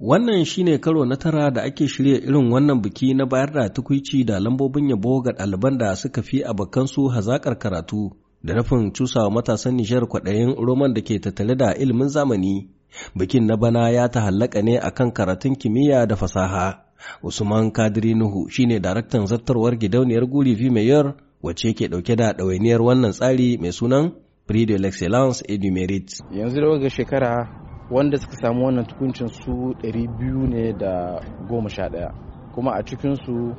Wannan shi ne karo na tara da ake shirya irin wannan biki na bayar da tukuici da lambobin yabo ga ɗaliban da suka fi a bakansu hazaƙar karatu da nufin cusawa matasan Nijar kwaɗayin roman da ke tattale da ilimin zamani. Bikin na bana ya ta tahallaka ne a kan karatun kimiyya da fasaha. Usman Kadiri Nuhu ne daraktan zartarwar gidauniyar Guri Mayor wacce ke ɗauke da ɗawainiyar wannan tsari mai sunan Prix de l'Excellence et du Mérite. Yanzu da shekara wanda suka samu wannan tukuncin su 211 ne da goma sha kuma a cikinsu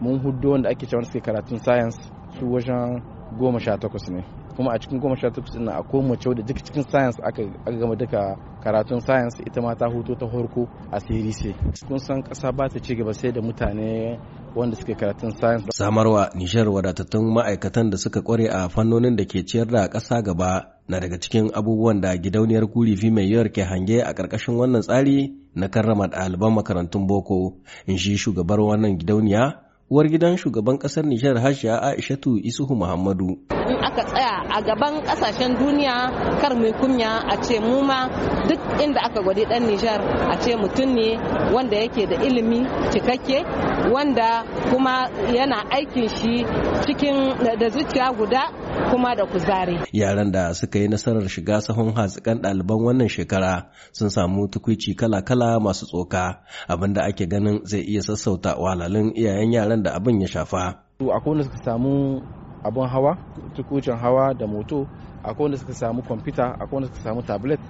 mun hudu wanda ake cewa suke karatun science su wajen goma sha takwas ne kuma a cikin goma sha takwas mace a koma da duk cikin science aka gama duka karatun science ita ma ta hoto ta horko a sirise kun san ƙasa ba ta cigaba gaba sai da mutane wanda suke karatun science samarwa nishar wadatattun ma'aikatan da suka kware a fannonin da ke ciyar da ƙasa gaba na daga cikin abubuwan da gidauniyar kurifi mai yawar ke hange a ƙarƙashin wannan tsari na karrama ɗaliban makarantun boko in shi shugabar wannan gidauniya uwar gidan shugaban ƙasar nijar a aishatu isuhu muhammadu in aka tsaya a gaban ƙasashen duniya kar mai kunya a ce mu ma duk inda aka gwade dan nijar a ce mutum ne wanda yake da ilimi cikakke wanda kuma yana aikin shi cikin da zuciya guda kuma da kuzari. Yaran da suka yi nasarar shiga sahun hatsikan ɗaliban wannan shekara sun samu tukuici kala-kala masu tsoka abinda ake ganin zai iya sassauta walalin iyayen yaran da abin ya shafa. Akwai wanda suka samu abin hawa, tukucin hawa da moto, akwai wanda suka samu kwamfuta, akwai wanda suka samu tablet,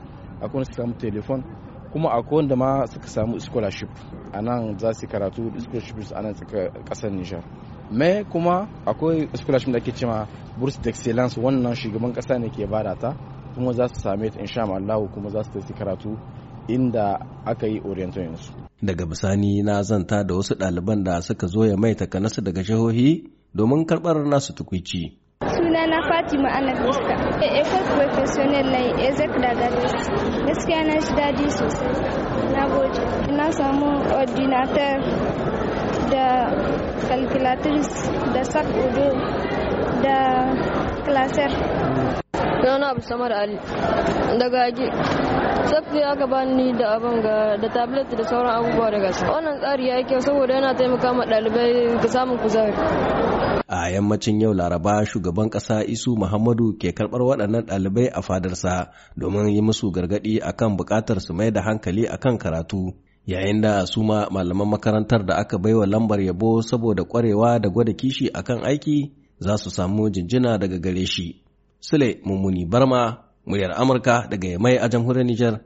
akwai wanda suka samu telefon, kuma akwai wanda ma suka samu scholarship a nan za su karatu scholarship a nan kasar Nijar. mai kuma akwai scholarship da ake cewa bursa excellence wannan shugaban kasa ne ke bada ta kuma za su same ta insha Allah kuma za su tafi karatu inda aka yi orientation su daga bisani na zanta da wasu ɗaliban da suka zo ya mai takanasu daga jihohi domin karɓar nasu tukuici sunana fatima a ekwai eh, eh, professional na ezek eh, daga gaskiya na shi daɗi sosai na gode na samu ordinator da calculatrice da sac udu da classer yana abu samar ali gaji sabta ya gabani da abin ga da tablet da sauran abubuwa da gasa wannan tsari ya yi kyau saboda yana taimaka ma dalibai ga samun kuzari a yammacin yau laraba shugaban kasa isu muhammadu ke karbar waɗannan ɗalibai a fadarsa domin yi musu gargaɗi akan bukatar su mai da hankali akan karatu yayin da su ma malaman makarantar da aka baiwa lambar yabo saboda kwarewa da gwada kishi akan aiki za su samu jinjina daga gare shi. Sule Mummuni Barma, muryar Amurka daga Yamai a jamhuriyar Nijar.